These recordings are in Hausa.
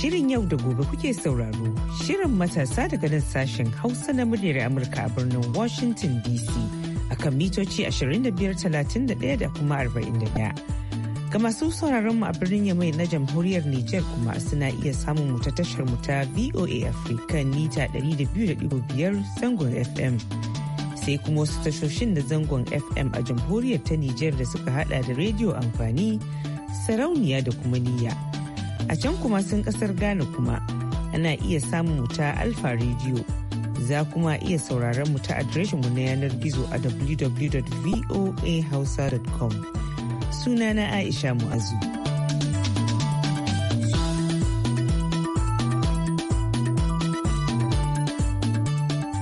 Shirin yau da gobe kuke sauraro, Shirin matasa daga nan sashen Hausa na muryar Amurka a birnin Washington DC a kan mitoci 2531 da kuma 41. Ga masu sauraron mu a birnin Yamai na jamhuriyar Nijar kuma suna iya samun mu ta tashar mu ta VOA Africa mita 200.5 zangon FM. Sai kuma wasu tashoshin da zangon FM a jamhuriyar ta Nijar da suka hada da rediyo amfani, sarauniya da kuma niyya. a can kuma sun kasar Ghana kuma ana iya samun mu ta Alfa Radio. Za kuma iya sauraron mu ta mu na yanar gizo a www.voahausa.com. na Aisha Mu'azu.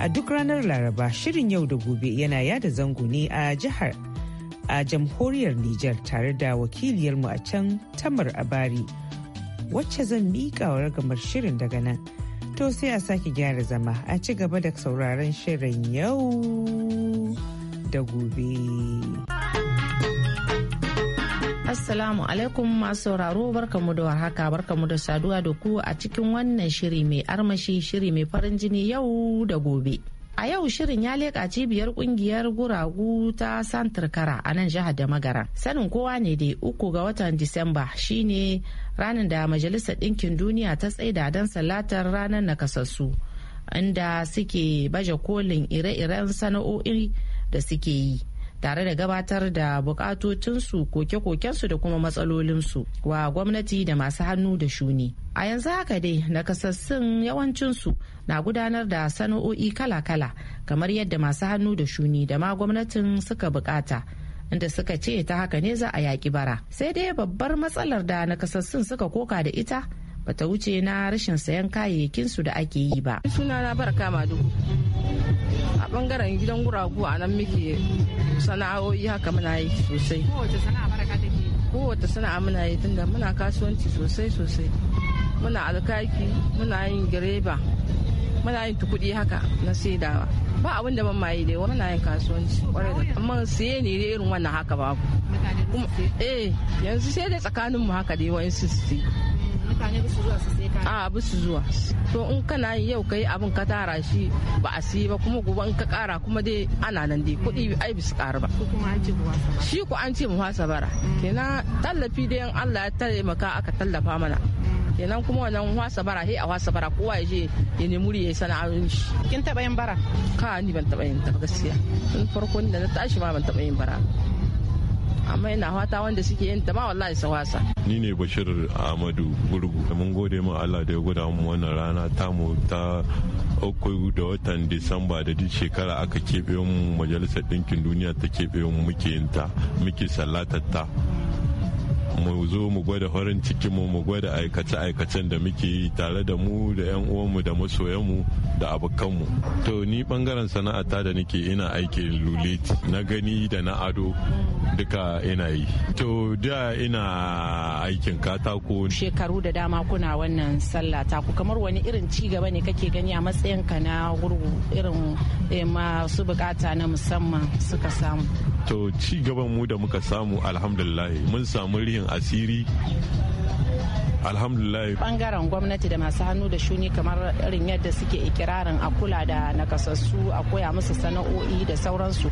A duk ranar Laraba shirin yau da gobe yana yada zango ne a jihar a jamhuriyar Nijar tare da wakiliyarmu a can Tamar Abari. wacce zan miƙa wa ragamar shirin daga nan. To sai a sake gyara zama a ci gaba da sauraron shirin yau da gobe. Assalamu alaikum masu sauraro barkamu da warhaka barkamu da saduwa da ku a cikin wannan shiri mai armashi shiri mai farin jini yau da gobe. A yau shirin ya leƙa cibiyar kungiyar guragu ta Santarkara a nan jihar da magara. Sanin kowa ne dai uku ga watan Disamba shine ranar da Majalisar Ɗinkin Duniya ta tsaida don salatar ranar nakasassu. Inda suke baje kolin ire-iren sana'o'i da suke yi. tare da gabatar da bukatocinsu koke-kokensu da kuma matsalolinsu wa gwamnati da masu hannu da shuni a yanzu haka dai nakasassun yawancinsu na gudanar da sana'o'i kala-kala kamar yadda masu hannu da shuni da ma gwamnatin suka bukata inda suka ce ta haka ne za a yaƙi bara sai dai babbar matsalar da nakasassun suka koka da ita bata wuce na rashin sayan kayayyakinsu da ake yi ba. Sunana barka madu. A bangaren gidan guragu a nan muke sana'o'i haka muna yi sosai. Kowace sana'a barka take? Kowace sana'a muna yi tunda muna kasuwanci sosai sosai. Muna alkaki, muna yin gireba, muna yin tukudi haka na saidawa. Ba abin da ban da dai muna yin kasuwanci kwarai da amma siye ne irin wannan haka babu. Eh yanzu sai dai tsakaninmu haka dai wa'in su mutane ba su zuwa su sai kaya a ba su zuwa to in kana yi yau kai abin ka tara shi ba a siyi ba kuma gobe in ka kara kuma dai ana nan dai kuɗi ai bisu ƙara ba shi ku an ce mu wasa bara mm. kenan tallafi dai in Allah ya taimaka aka tallafa mana mm. kenan kuma wannan wasa bara he a wasa bara kowa ya je ya nemi wuri ya sana'o'in shi kin taba yin bara ka ni ban taba yin ta gaskiya tun farko da na tashi ma ban taba yin bara amma yana hata wanda suke yin ta ma wallahi su wasa ni ne bashir ahmadu gurgu mun gode ma allah da ya gwada mu wannan rana tamu ta uku da watan disamba da duk shekara aka keɓe mu majalisar ɗinkin duniya ta keɓe mu muke yin ta muke sallatar ta mu zo mu gwada farin ciki mu mu gwada aikace-aikacen da muke yi tare da mu da 'yan uwanmu da masoyanmu da abokanmu to ni bangaren sana'ata da nake ina aikin luleti na gani da na ado duka ina yi to da ina aikin katako shekaru da dama kuna wannan sallah ta ku kamar wani irin ci gaba ne kake gani a matsayin ka na gurgu irin eh, masu bukata na musamman suka samu to ci gaban mu da muka samu alhamdulillah mun samu rihin asiri alhamdulillah bangaren gwamnati da masu hannu da shuni kamar irin yadda suke ikirarin a kula da nakasassu a koya musu sana'o'i da sauransu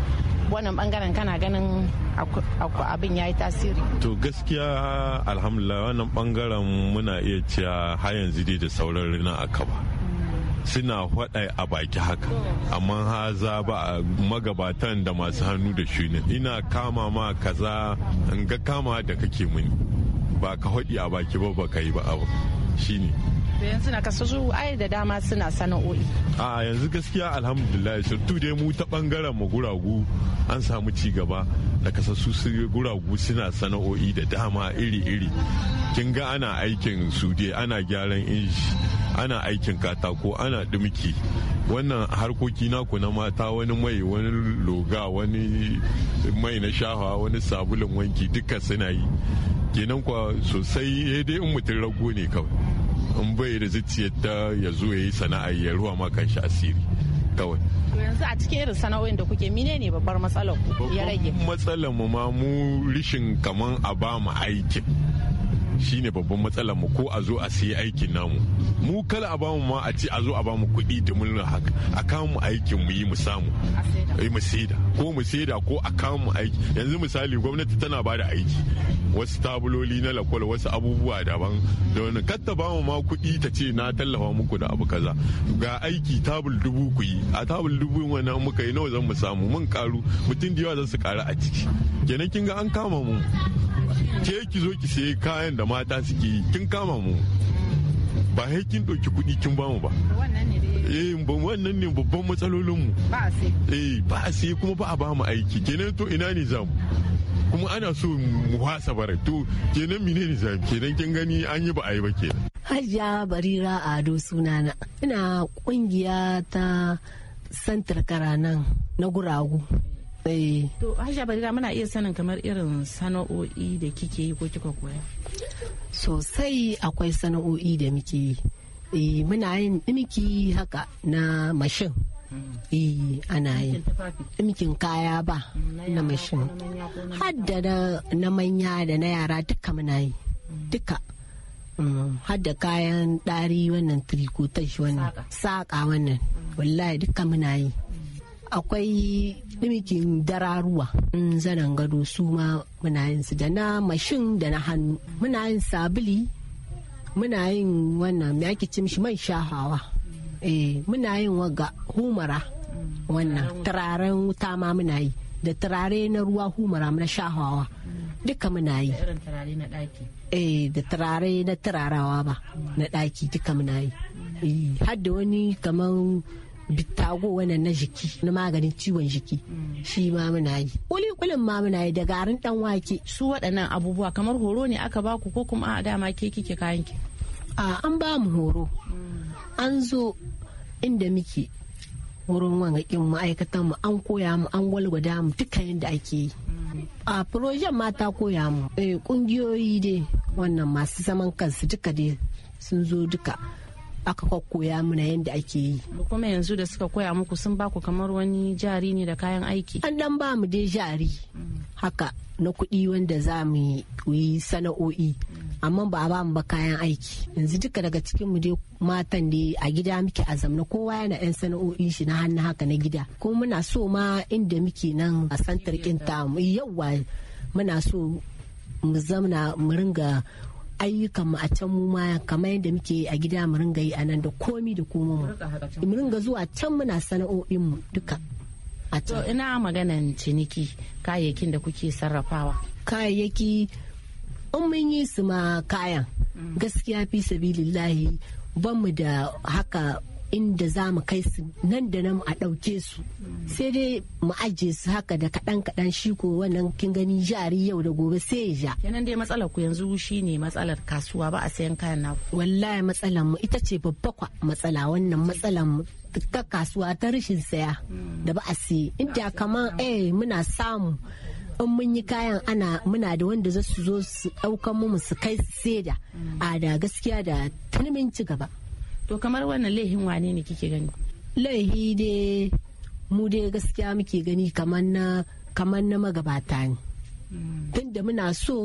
wannan bangaren kana ganin abin ya yi tasiri to gaskiya alhamdulillah wannan bangaren muna iya cewa har yanzu dai da sauran rina a kaba suna faɗa a baki haka amma za ba a magabatan da masu hannu da shi ne ina kama ma kaza in ga kama da kake mini ba ka haɗi a baki ba ba ka yi ba abu ne. yanzu na kasu su ai da dama suna sana'o'i a yanzu gaskiya alhamdulillah surtu dai mu ta bangaren mu guragu an samu ci gaba da kasassu su guragu suna sana'o'i da dama iri-iri kin ga ana aikin sude ana gyaran inji ana aikin katako ana dumki wannan harkoki naku na mata wani mai wani loga wani mai na shafa wani sabulun wanki duka suna yi kenan kwa sosai eh dai in mutum rago ne kawai in bai da zuciyar ta ya zo ya yi sana'a ya ruwa ma kanshi asiri kawai yanzu a cikin irin sana'o'in da kuke mine ne babbar matsalar ya rage matsalar mu ma mu rishin kaman a ba mu aikin shine babban matsalar mu ko a zo a sayi aikin namu mu kala a bamu ma a ce a zo a bamu kuɗi da mulmin haka a kawo mu aikin mu yi mu samu yi mu saida ko mu saida ko a kawo mu aiki yanzu misali gwamnati tana ba da aiki wasu tabuloli na lakwal wasu abubuwa daban da wani katta ba mu ma kuɗi ta ce na tallafa muku da abu kaza ga aiki tabul dubu ku yi a tabul dubu wani muka yi nawa zan mu samu mun karu mutum da yawa za su karu a ciki kenan kin ga an kama mu ke ki zo ki sayi kayan da mata suke yi kin kama mu ba kin ɗauki kuɗi kin mu ba wannan ne eh, babban matsalolinmu eh, ba a sai kuma ba a bamu aiki kenan to ina ne zamu kuma ana so mu hasa bara to kenan mine ne zamu kenan kin gani an yi ba a yi ba kenan hajiya barira ado sunana ina kungiya ta santar karanan na guragu eh. to hajiya barira muna iya sanin kamar irin sana'o'i da kike yi ko kika koya sosai akwai sana'o'i da muke yi eh, muna yin dimiki haka na mashin eh, ana yin dimikin kaya ba na mashin hadda na manya da na yara duka muna yi mm. duka mm, hadda kayan ɗari wannan trikotash wannan saƙa wannan mm. wallahi duka muna yi akwai ɗimikin dararuwa mm, zanen gado su ma muna yin su da na mashin da na hannu muna yin sabili muna yin wannan me ake cin shi man shahawa eh muna yin waga humara wannan turaren wuta ma muna yi da turare na ruwa humara na shahawa duka muna yi eh da turare na turarawa ba na ɗaki duka muna yi eh, har da wani kamar bittago wannan na jiki na maganin ciwon jiki shi ma muna yi kuli kulin ma muna yi da garin dan wake su waɗannan abubuwa kamar horo ne aka baku ko kuma a dama ke kike kayan ki a an ba mu horo an zo inda muke wurin wangakin ma'aikatan mu an koya mu an walwada mu duka yadda ake yi a projen mata koya mu kungiyoyi eh, dai wannan masu zaman kansu duka dai sun zo duka aka koya mana yadda ake yi. Kuma yanzu da suka koya muku sun ba ku kamar wani jari ne da kayan aiki? An dan ba mu dai jari haka na kuɗi wanda za mu yi sana'o'i amma ba a ba mu ba kayan aiki. Yanzu duka daga cikin mu dai matan da a gida muke azamna zamna kowa yana yan sana'o'i shi na hannu haka na gida. Kuma muna so ma inda muke nan a santar kinta mu yawwa muna so mu zamna mu ringa ayyukan mu a can mu ma kamar yadda muke a gida mu ringa yi anan nan da komi da komo mu ringa zuwa can muna sana'o'in mu duka a to ina maganan ciniki kayayyakin da kuke sarrafawa kayayyaki in mun yi su ma kayan mm. gaskiya fi sabilillahi ban mu da haka inda za mu kai su nan da nan a ɗauke su sai dai mu ajiye su haka da kaɗan kaɗan shi ko wannan kin gani jari yau da gobe sai ya ja kenan dai matsalar ku yanzu ne matsalar kasuwa ba a sayan kayan naku wallahi matsalar mu ita ce babba kwa matsala wannan matsalar mu ta kasuwa ta rashin saya da ba a siye inda kamar eh muna samu in mun yi kayan ana muna da wanda za su zo su ɗaukan mu su kai su seda a da gaskiya da tuni ci gaba to kamar wannan laihin wane ne kike gani laihi dai mu dai gaskiya muke gani kamar na kamar na magabata ne mm. tunda muna so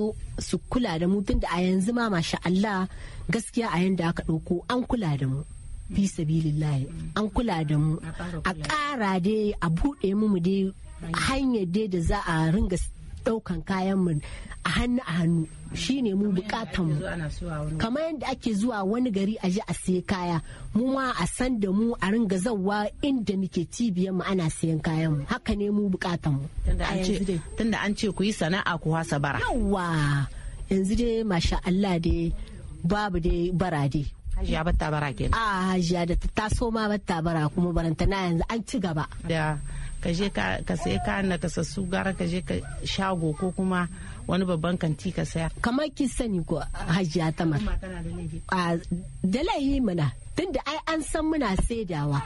su kula da mu tunda a yanzu ma masha Allah gaskiya a yanda aka ɗauko an kula da mu fi sabilillahi mm. an kula da mu a ƙara dai a buɗe mu dai hanyar dai da za a ringa ɗaukan kayan mu a hannu a hannu shi ne mu bukatan mu kamar yadda ake zuwa wani gari a ji a sayi kaya mu ma a san da mu a ringa zawa inda nake cibiyar mu ana sayan kayan mu haka ne mu bukatan mu tunda an ce ku yi sana'a ku hasa bara yawa yanzu dai masha Allah dai babu dai bara dai hajiya batta bara kenan a ah, hajiya da ta taso ma batta bara kuma barantana yanzu an ci gaba ka je ka sayi kayan na gara ka je ka shago ko kuma wani babban kanti ka saya kamar ki sani ko hajiya tamar da laihi mana tunda ai an san muna saidawa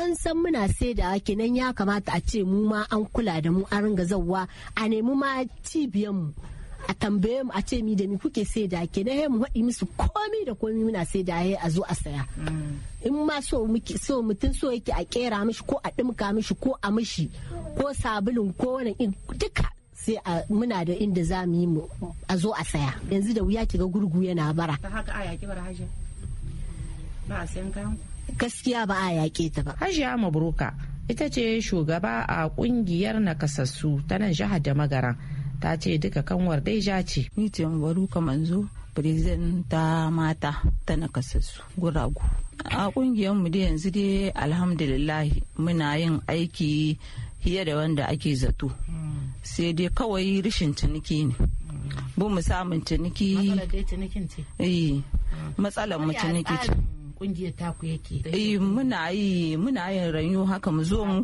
an san muna saidawa kenan ya kamata a ce mu ma an kula da mu an ringa zawa a nemi ma cibiyar mu a tambaye mu a ce mi da mi kuke sai da ke na mu haɗi musu komi da komi muna sai da a zo a saya mm. in ma so so mutum so yake a kera mishi ko a ɗimka mishi ko a mishi ko sabulun ko wani in duka sai a muna da inda za mu yi a zo a saya yanzu da wuya ga gurgu yana bara ta haka a yaki bara hajiya ba a sayan kayan gaskiya ba a yaƙe ta ba hajiya mabroka ita ce shugaba a ƙungiyar nakasassu ta nan jihar da magaran ta ce duka kanwar dai ja ce ni ce ka manzo president ta mata ta nakasassu guragu a mu da yanzu dai alhamdulillah muna yin aiki fiye da wanda ake zato sai dai kawai rashin ciniki ne bu mu samun ciniki matsalar eh, hmm. mu ciniki ce kungiyar taku yake eh muna yi muna yin ranyo haka mu zo mu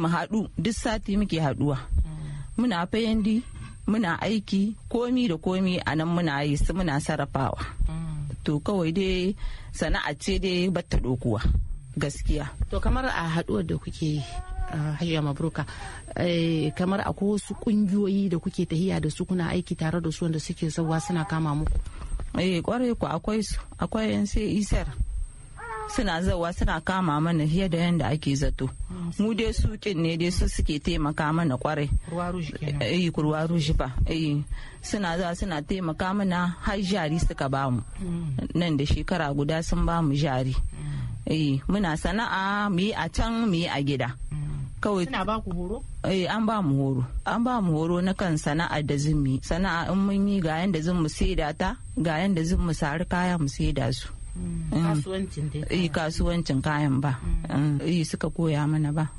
mu haɗu eh, duk sati muke haɗuwa hmm. muna fayyandi muna aiki komi da komi a nan muna yi su muna sarrafawa mm. to kawai dai sana'a ce dai batta dokuwa gaskiya to kamar a haduwar da kuke hajiya mabruka eh, kamar akwai wasu kungiyoyi da kuke tahiya da su kuna aiki tare da su wanda suke zauwa suna kama muku eh kwarai ku akwai su akwai yan e sai isar suna zawa suna kama mana fiye da yadda ake zato mu dai su kin ne dai su suke taimaka mana kwarai eh kurwa rushi ba eh, suna zawa suna taimaka mana har jari suka bamu mm. nan da shekara guda sun bamu jari mm. eh muna sana'a mu yi a can mu yi a gida mm. kawai suna ba ku horo eh an ba mu horo an ba mu horo na kan sana'a da zumi sana'a in mun yi ga yanda zan mu saida ta ga yanda zan mu sari kaya mu saida su Mm. Mm. Eh, kasuwancin kayan ba mm. Eh, suka koya mana ba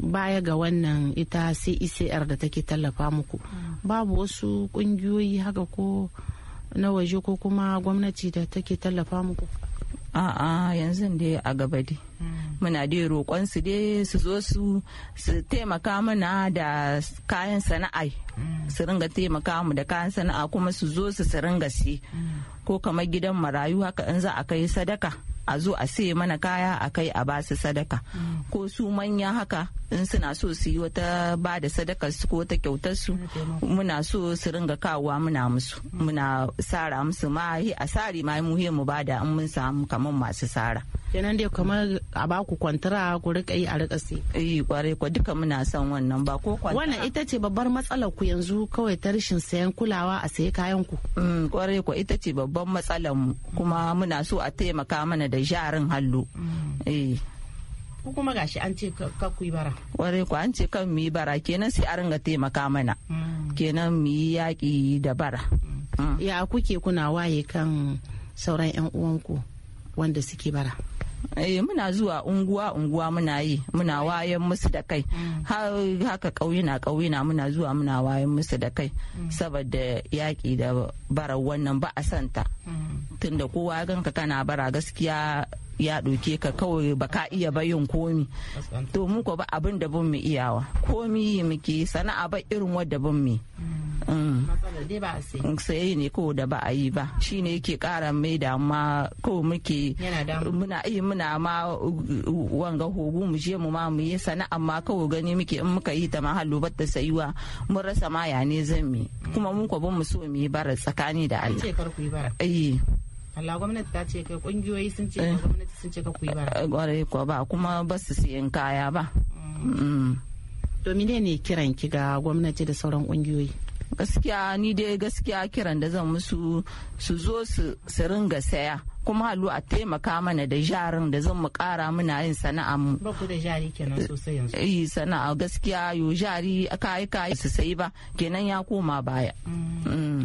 baya ga wannan ita CECR da take tallafa muku babu wasu kungiyoyi haka ko na waje ko kuma gwamnati da take tallafa muku a'a yanzu da a gaba dai muna dai roƙon su dai su zo su taimaka mana da kayan sana'a su ringa taimaka mu da kayan sana'a kuma su zo su ringa si ko kamar gidan marayu haka in za a kai sadaka a zo a saye mana kaya a kai a ba su sadaka ko su manya haka in suna so su yi wata ba da sadaka su ko ta kyautar su muna so su ringa kawowa muna musu muna sara musu ma a sari ma mu mu ba da in mun samu kamar masu sara kenan dai kamar a ba ku kwantara ku rika yi a rika sai eh, yi kware ko duka muna son wannan ba ko kwantara wannan ita ce babbar matsalar ku yanzu kawai ta rashin sayan kulawa a sayi kayan ku Kware mm, ko ita ce babban matsalar mu kuma muna so a taimaka mana da jarin hallo mm. eh. Ku kuma gashi an ce ka ku bara ware ku an ce kan mu yi bara kenan sai a ringa taimaka mana mm. kenan mu yi yaƙi da bara mm. ya kuke kuna waye kan sauran yan uwanku wanda suke bara eh muna zuwa unguwa unguwa muna yi muna wayan musu da kai haka na ƙauye na muna zuwa muna wayan musu da kai saboda yaƙi da bara wannan ba a santa tun da kowa ganka kana bara gaskiya ya ɗauke ka kawai ka iya bayan komi to mu ko ba abin da bin mu iyawa komi muke sana'a ba irin wadda bin mu sai ne ko da ba a yi ba shi ne yake kara mai da ma ko muke muna yi muna ma wanga hugu mu je mu ma mu yi sana'a ma kawai gani muke in muka yi ta ma hallo ba ta sayuwa mun rasa ma ya ne zan mi kuma mun ko bin mu so mu yi bara tsakani da Allah Allah gwamnati ta ce kai kungiyoyi sun ce eh. gwamnati sun ce ka kuyi bara. Kwarai eh, kuwa ba kuma ba su siyan kaya ba. Domine mm. ne kiran ki ga gwamnati da sauran kungiyoyi. Gaskiya ni dai gaskiya kiran da zan musu su zo su ringa saya. kuma halu a taimaka mana da jarin da zan mu kara muna yin sana'a mu. Ba ku da jari kenan sosai yanzu. Eh sana'a gaskiya yo jari kayi kayi su sai ba kenan ya koma baya. Mm. Mm.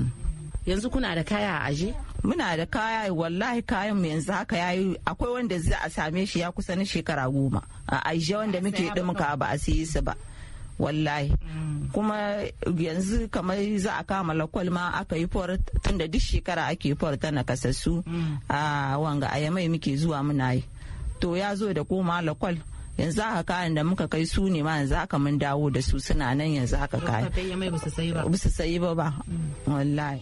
Yanzu kuna da kaya a aje? muna da kaya wallahi kayan mu yanzu haka yayi akwai wanda za a same shi ya kusa na shekara goma a aisha wanda muke dumka ba a siyi su ba wallahi mm. kuma yanzu kamar za a kama lakwal ma aka yi for tunda duk shekara ake for ta nakasassu mm. a wanga yamai muke zuwa muna yi to ya zo da koma lakwal yanzu haka kayan da muka kai su ne ma yanzu haka mun dawo da su suna nan yanzu haka kayan ba su sayi ba ba mm. wallahi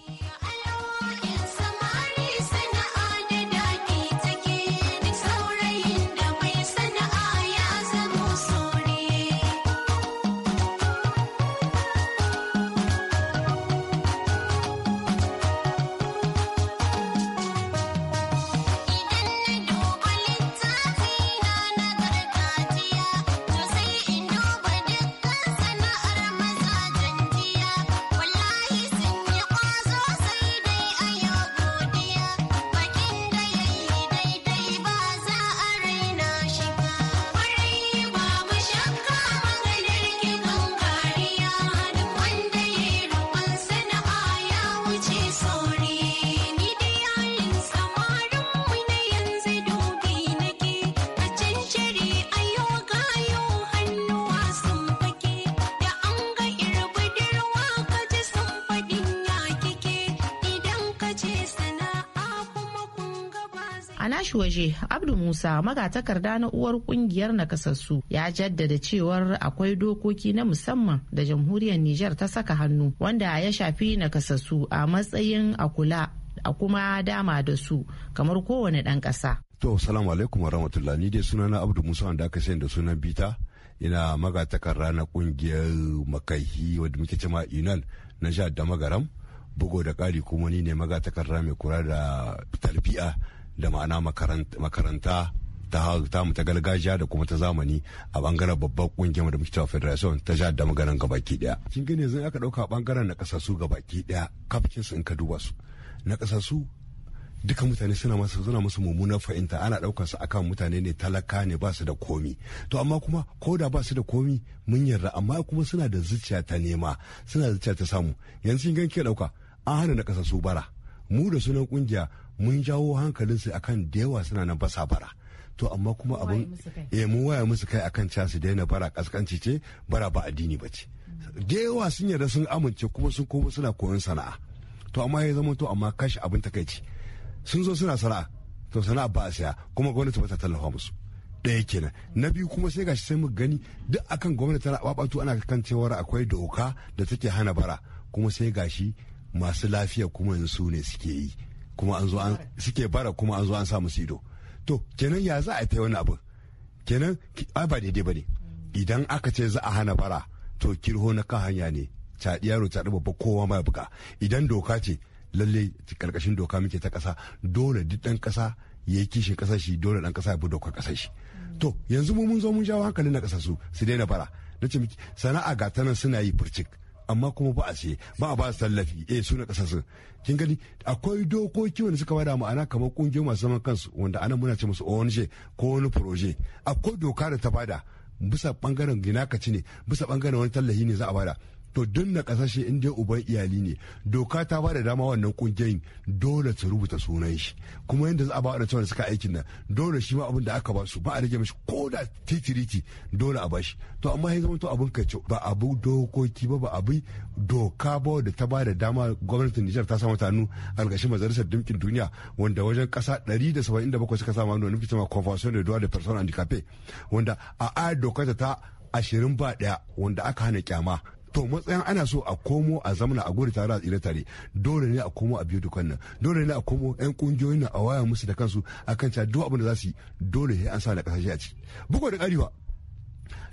A nashi waje, Abdu Musa magatakarda na uwar kungiyar nakasassu ya jaddada cewar akwai dokoki na musamman da jamhuriyar Nijar ta saka hannu wanda ya shafi nakasassu a matsayin a kula a kuma dama da su kamar kowane ɗan ƙasa. To, salamu alaikum wa rahmatullah ni dai sunana Abdu Musa wanda aka sayar da sunan Bita ina magatakarda na kungiyar makahi wadda muke cewa inal na jihar da magaram bugu da ƙari kuma ni ne magatakarda mai kula da talbiya da ma'ana makaranta ta mu ta gargajiya da kuma ta zamani a bangaren babban kungiyar da muke cewa federation ta jihar da magaran gabaki daya kin gane yanzu aka dauka bangaren na kasa su gabaki daya kafin su in ka duba su na kasa su duka mutane suna masu suna musu mummunan fahimta ana daukar su akan mutane ne talaka ne ba su da komi to amma kuma ko da ba su da komi mun yarda amma kuma suna da zuciya ta nema suna da zuciya ta samu yanzu kin ganke dauka an hana na kasa su bara mu da sunan kungiya mun jawo hankalinsu akan da yawa suna nan basa bara to amma kuma abin eh mun waya musu kai akan cewa su daina bara kaskanci ce bara ba addini ba ce da yawa sun yarda sun amince kuma sun koma suna koyon sana'a to amma ya zama to amma kashi abin takaici sun zo suna sana'a to sana'a ba a siya kuma gwamnati ba ta tallafa musu ɗaya kenan na biyu kuma sai gashi sai mu gani duk akan gwamnati tana babatu ana kan cewar akwai doka da take hana bara kuma sai gashi masu lafiya kuma yanzu ne suke yi kuma an zo an suke bara kuma an zo an samu musu ido to kenan ya za a ta wani abu kenan ai ba daidai bane idan aka ce za a hana bara to kirho na kan hanya ne caɗi yaro caɗi babba kowa ma buga idan doka ce lalle karkashin doka muke ta ƙasa dole duk ɗan ƙasa ya yi kishin ƙasar shi dole ɗan ƙasa ya bi dokar ƙasar shi to yanzu mu mun zo mun jawo hankali na ƙasar su su daina bara na ce sana'a ga ta nan suna yi furcik amma kuma ba a ce ba a ba su tallafi e eh, suna kasasun kin gani akwai dokoki wanda suka bada ma'ana kamar kungiyoyi masu zaman kansu wanda ana muna ce musu ONG ko wani proje akwai doka da ta bada bisa bangaren gina ka ci ne bisa bangaren wani tallafi ne za a bada to don na kasashe in dai uban iyali ne doka ta ba da dama wannan kungiyoyin dole su rubuta sunan shi kuma yadda za a ba da suka aikin nan dole shi ma abin da aka ba su ba a rage mashi ko da titiriti dole a bashi to amma ya zama to abin ka ba abu dokoki ba ba abu doka ba da ta ba da dama gwamnatin Nijar ta samu tanu a ƙarƙashin majalisar dimkin duniya wanda wajen ƙasa 177 suka sa hannu nufin cewa convention de droit de personnes handicapées wanda a ayar dokar ta ashirin ba daya wanda aka hana kyama to matsayin ana so a komo a zamana a gori tare a tsire tare dole ne a komo a biyu dukan nan dole ne a komo yan kungiyoyin nan a waya musu da kansu kan cewa duk abin da za su yi dole ne an sa da kasashe a ciki bugu da karewa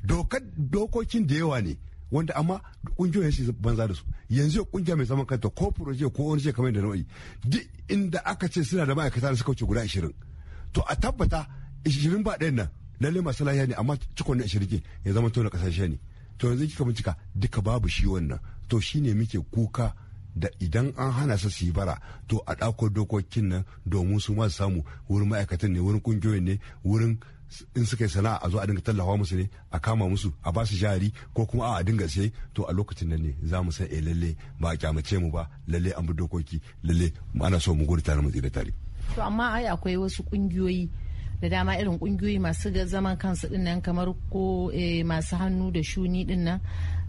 dokar dokokin da yawa ne wanda amma kungiyoyin shi banza da su yanzu kungiya mai zaman kanta ko proje ko wani kamar da nau'i duk inda aka ce suna da ma'aikata da suka wuce guda ashirin to a tabbata ashirin ba ɗayan nan lalle masu lahiya ne amma cikon na ashirin ya zama tona kasashe ne to yanzu kika bincika duka babu shi wannan to shine muke kuka da idan an hana su su bara to a ɗakon dokokin nan domin su ma samu wurin ma'aikatan ne wurin kungiyoyin ne wurin in suka yi sana'a a zo a dinga tallafa musu ne a kama musu a ba su jari ko kuma a dinga sai to a lokacin nan ne za mu san eh lalle ba a kyamace mu ba lalle an bi dokoki lalle ana so mu gurta tare mu tsira tare. to amma ai akwai wasu kungiyoyi da dama irin kungiyoyi masu zaman kansu dinnan kamar ko eh, masu hannu da shuni dinnan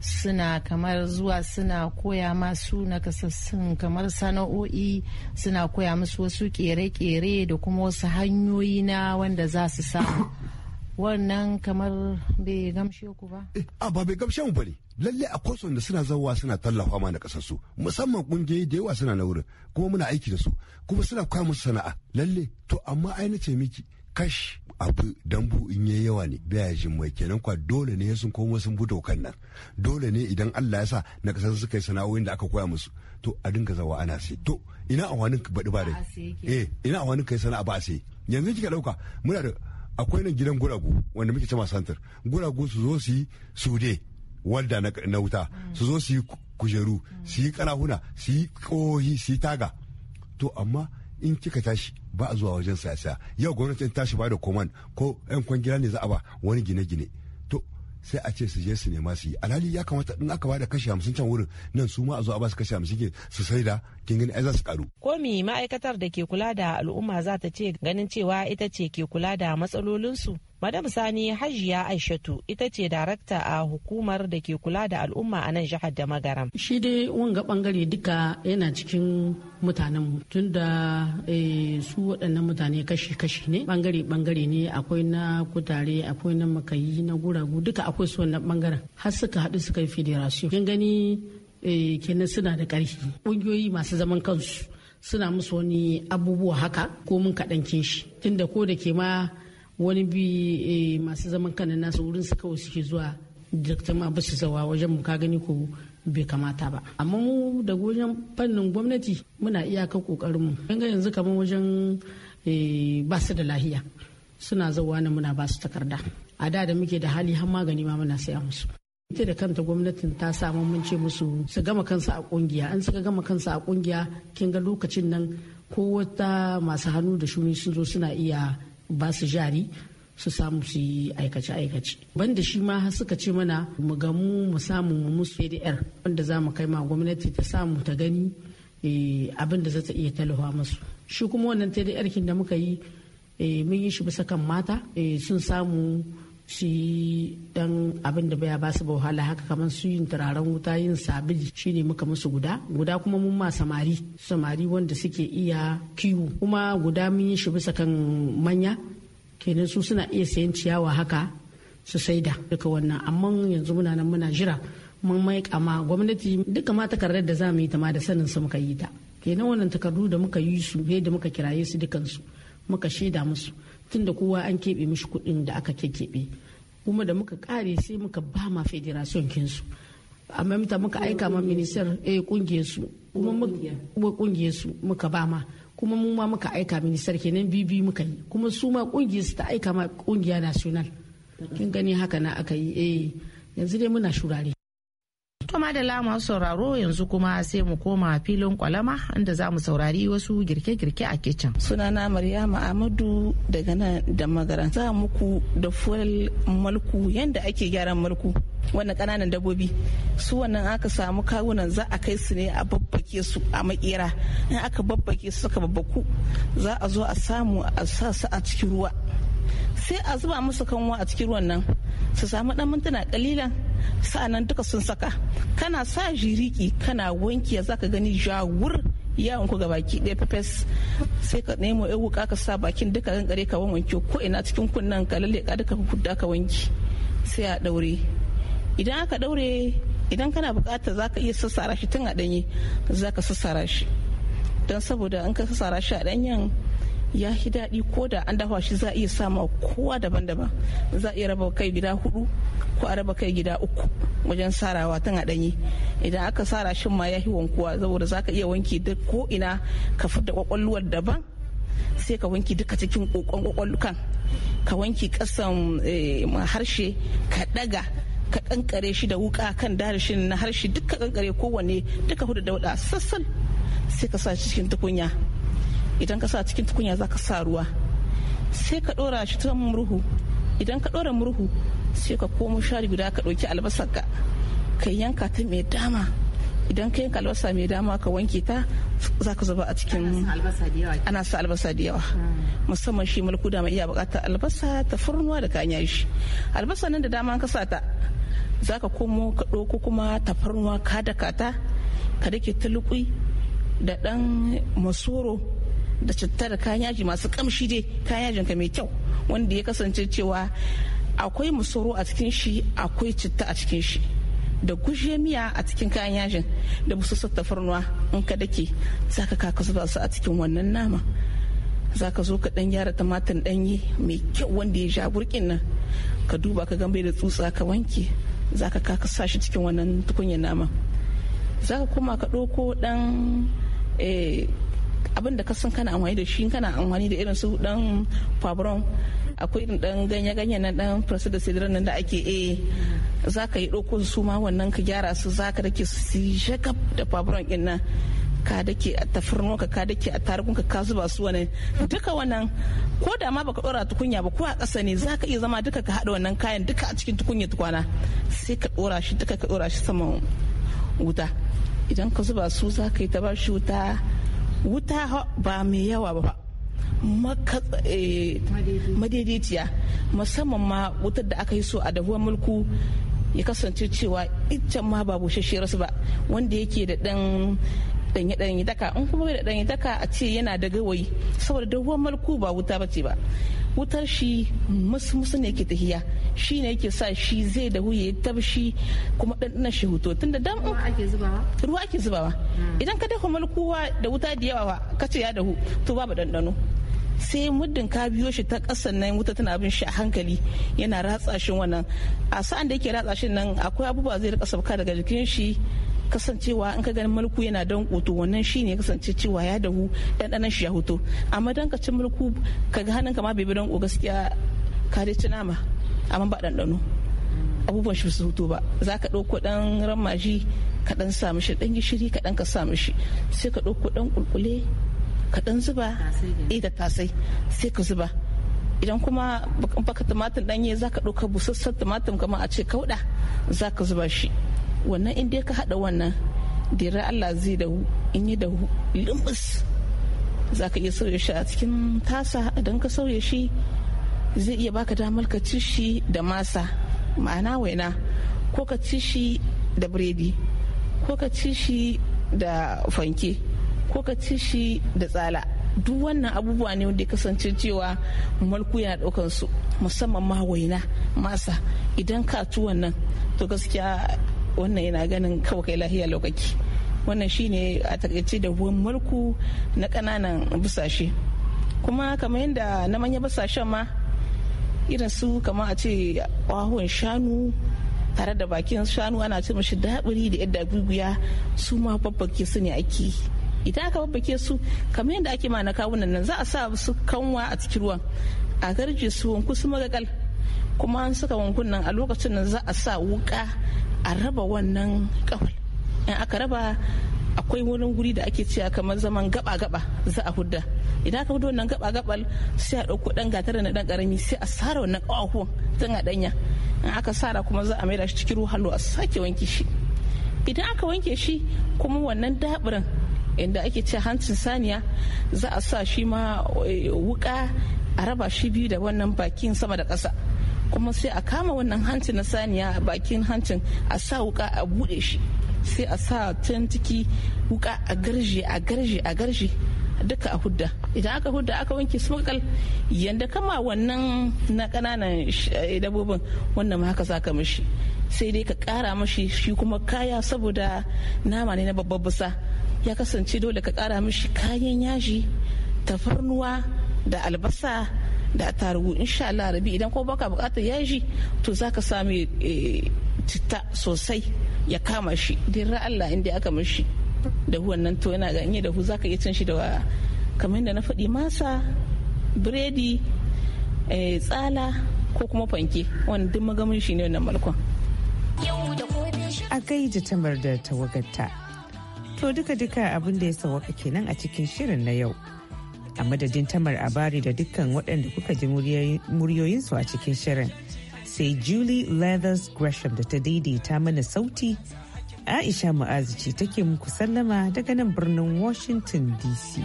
suna kamar zuwa suna koya masu nakasassun kamar sana'o'i suna koya musu wasu kere-kere da kuma wasu hanyoyi na wanda za su samu wannan kamar bai gamshe ku ba? Eh, a ba bai gamshe mu ba ne. Lalle a kwaso da suna zawa suna tallafa ma na kasassu musamman kungiyoyi da yawa suna na wurin kuma muna aiki da su kuma suna kawo musu sana'a lalle to amma ainihin ce miki kash abu dambu in yi yawa ne biya jin mai kenan kwa dole ne sun komo sun buɗe kan nan dole ne idan Allah ya sa na kasar su yi sana'o'in da aka koya musu to a dinka zawa ana sai to ina a wani baɗi ba dai eh ina a wani kai sana'a ba sai yanzu kika ɗauka muna da akwai nan gidan guragu wanda muke cewa santar guragu su zo su yi sude walda na wuta mm. su zo su yi kujeru mm. su yi karahuna su yi kohi su yi taga to amma in kika tashi ba a zuwa wajen siyasa yau gwamnatin tashi ba da koman ko yan kwangila ne za a ba wani gine-gine to sai a ce su je su nema su yi alhali ya kamata in aka ba da kashi hamsin can wurin nan su ma a zo a ba su kashi hamsin ke su sai da kin gani za su karu. ko komi ma'aikatar da ke kula da al'umma za ta ce ganin cewa ita ce ke kula da matsalolinsu Madam Sani Hajiya Aishatu ita ce darakta a hukumar da ke kula da al'umma a nan jihar da magaram. Shi dai wanga bangare duka yana cikin mutanenmu tunda eh, su waɗannan mutane kashi-kashi ne bangare-bangare ne akwai na kutare akwai na makayi na guragu duka akwai su wannan bangaren har suka haɗu suka yi federation. Kin gani eh, kenan suna da ƙarfi ƙungiyoyi masu zaman kansu suna musu wani abubuwa haka ko mun kaɗan shi tunda ko da ke ma wani bi eh, masu zaman kanan nasu wurin su kawai suke zuwa dakta ma ba zawa wajen mu ka gani ko bai kamata ba amma mu da wajen fannin gwamnati muna iyakar kokarin mu ga yanzu kamar wajen eh, ba su da lahiya suna zawa na muna ba su takarda a da da muke da hali har magani ma muna saya musu ita da kanta gwamnatin ta samu mun ce musu su gama kansa a kungiya an suka gama kansa a kungiya kin ga lokacin nan ko wata masu hannu da shuni sun zo suna iya ba su jari su samu su yi aikace-aikace banda shi ma suka ce mana mu gamu mu samu mu musu pdr wanda za mu kai ma gwamnati ta samu ta gani eh, abin da za ta iya talawa masu shi kuma wannan pdr kin da muka yi eh, mun yi shi bisa kan mata eh, sun samu shi dan abin da baya basu ba wahala haka kamar su yin turaren wuta yin sabiji shine muka musu guda guda kuma mun ma samari samari wanda suke iya kiwo kuma guda mun yi shi bisa kan manya kenan su suna iya sayan ciyawa haka su saida duka wannan amma yanzu muna nan muna jira mun mai kama gwamnati duka ma takardar da za mu yi ta ma da sanin su muka yi ta kenan wannan takardu da muka yi su da muka kiraye su dukansu muka shaida musu tunda kowa an keɓe mishi kuɗin da aka keɓe kuma da muka ƙare sai muka ba ma federation kinsu a mamta muka aika ma minister a eh, kungiyar su kuma kungiyar muka ba ma kuma mu ma muka aika minister kenan bibi muka yi kuma su ma kungiyar su ta aika ma kungiya national kin gani haka na aka yi eh yanzu dai muna shurare kama da lama sauraro yanzu kuma sai mu koma filin kwalama inda za mu saurari wasu girke-girke a kicin. Sunana Maryama Amadu daga nan da magaran. Za muku da fuel malku yadda ake gyaran malku. wannan kananan dabbobi su wannan aka samu kawunan za a kai su ne a babbake su a makera in aka babbake su suka babbaku za a zo a samu a sa su a cikin ruwa sai a zuba musu kanwa a cikin ruwan nan su samu dan mintuna kalilan sa'annan duka sun saka kana sa jiriki kana wanki za ka gani jawur wanku ga baki ɗaya pepes sai ka nemo yan wuka ka sa bakin duka gangare ka wanke ko ina cikin kunnan ka lalle ka duka kudda ka wanki sai a daure idan aka daure idan kana bukata za ka iya sassara shi tun a danye za ka sassara shi don saboda in ka sassara shi a danyen ya shi daɗi ko da an dafa shi za a iya sama kowa daban-daban za a iya raba kai gida hudu ko a raba kai gida uku wajen sarawa tana ɗanyi idan aka sara shin ma ya wankuwa saboda za ka iya wanki duk ko ina ka fita kwakwalwar daban sai ka wanki duka cikin kokon kwakwallukan ka wanki kasan eh, harshe ka ɗaga ka kankare shi da wuka kan darashin na harshe duka kankare kowanne duka hudu wuda sassan sai ka sa cikin tukunya idan ka sa cikin tukunya za ka sa ruwa sai ka ɗora shi ta murhu idan ka ɗora murhu sai ka komo shari guda ka ɗauki albasar ka ka yanka ta mai dama idan ka yanka albasa mai dama ka wanke ta za ka zuba a cikin ana sa albasa da yawa hmm. musamman shi mulku da iya bukatar albasa ta furnuwa da kanya shi albasa nan da dama ka sa ta za ka komo ka ɗauko kuma ta furnuwa ka daka ta ka dake ta da ɗan masoro da citta da kayan yaji masu kamshi dai kayan yajin ka mai kyau wanda ya kasance cewa akwai musoro a cikin shi akwai citta a cikin shi da kushe miya a cikin kayan yajin da busu tafarnuwa in ka dake za ka kaka zuba su a cikin wannan nama za ka zo ka dan gyara tumatir danye mai kyau wanda ya sha burkin nan ka duba ka gambe da tsutsa ka wanke za ka kaka sa shi cikin wannan tukunyar nama za ka koma ka ɗauko ɗan eh, abin da ka san kana amfani da shi kana amfani da irin su dan fabron akwai irin dan ganye-ganye na dan da sidiran nan da ake eh za ka yi ɗauko su ma wannan ka gyara su za ka dake su shakaf da fabron ɗin nan ka dake a tafirnuka ka dake a tarukunka ka zuba su wani duka wannan ko da ma baka dora tukunya ba ko a ƙasa ne za ka iya zama duka ka haɗa wannan kayan duka a cikin tukunya tukwana sai ka dora shi duka ka dora shi saman wuta idan ka zuba su za ka yi ta ba shi wuta wuta ba mai yawa ba eh, madaidaiciya musamman ma wutar da aka yi so a dahuwar mulku ya kasance cewa iccen ma ba bushasshiyar su ba wanda yake da dan danyi danyi daka in kuma bai da danyi daka a ce yana da gawayi saboda ruwan malku ba wuta bace ba wutar shi musu musu ne ke tahiya shi ne yake sa shi zai da ya tabshi kuma ɗanɗanan shi huto tun da dan ruwa ake zubawa hmm. idan ka dafa malkuwa da wuta da yawa ka ce ya dahu to babu dandano sai muddin ka biyo shi ta kasan nan wuta tana bin shi a hankali yana ratsa shi wannan a sa'an da yake ratsa shi nan akwai abubuwa zai rika sabka daga jikin shi kasancewa in ka ganin mulku yana dan to wannan shine ya kasance cewa ya dahu ɗanɗanon shi ya hoto amma dan ka ci mulku ka ga hannun ma bai bi danko gaskiya ka dai ci nama amma ba ɗanɗano abubuwan shi su hoto ba za ka ɗauko ɗan ramaji ka ɗan sa mishi ɗan gishiri ka ɗan ka sa mishi sai ka ɗauko ɗan ƙulƙule ka ɗan zuba eh da tasai sai ka zuba idan kuma baka tumatir ɗanye za ka ɗauka busassar tumatir kamar a ce kauɗa za ka zuba shi wannan in dai ka haɗa wannan dira Allah zai da in yi da limbus za ka iya sauya shi a cikin tasa idan ka sauya shi zai iya baka damar ka ci shi da masa ma'ana waina ko ka ci shi da biredi ko ka ci shi da fanke ko ka ci shi da tsala duk wannan abubuwa ne wanda ya kasance cewa malku yana daukan su musamman ma waina masa idan ka ci wannan to gaskiya wannan yana ganin kawai kai lahiya lokaci wannan shine a takaice da ruwan mulku na kananan busashe kuma kamar yadda na manya busashen ma irin su kamar a ce ƙwahon shanu tare da bakin shanu ana ce mashi daɓiri da yadda guguya su ma babbake su ne ake idan aka babbake su kamar yadda ake ma na kawunan nan za a sa su kanwa a cikin ruwan a garje su wanku su magagal kuma an saka wankun nan a lokacin nan za a sa wuka a raba wannan kawal in aka raba akwai wani guri da ake cewa kamar zaman gaba-gaba za a hudda idan aka hudu wannan gaba-gabal sai a ɗauko ɗan gatar na ɗan ƙarami sai a sara wannan ƙawahuwan tun a ɗanya in aka sara kuma za a da shi cikin ruhalo a sake wanke shi idan aka wanke shi kuma wannan dabirin inda ake cewa hancin saniya za a sa shi ma eh, wuka a raba shi biyu da wannan bakin sama da ƙasa kuma sai a kama wannan hanci na saniya a bakin hancin a sa wuka a bude shi sai a sa tantiki wuka a garje a garje a garje duka a hudda idan aka hudda aka wanke su makal yanda kama wannan na kananan eh, dabobin wannan ma haka saka mishi sai dai ka kara mashi shi kuma kaya saboda nama ne na babbar busa ya kasance dole ka kara mishi kayan yaji tafarnuwa da albasa da tarugu insha Allah rabi idan ko baka bukatar yaji to zaka sami eh, citta sosai ya kama shi dirra Allah inda aka mishi da wannan to yana ganye da hu zaka iya cin shi da kamar da na faɗi masa biredi eh, tsala ko kuma fanke wanda duk magamin shi ne wannan malkon a gaida tamar da tawagarta to duka-duka abin da ya sawaka kenan a cikin shirin na yau a madadin tamar abari da dukkan waɗanda kuka ji muryoyinsu a cikin shirin sai julie leathers gresham da ta daidaita mana sauti aisha mu'azu ce take muku sallama daga nan birnin washington dc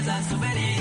ba za su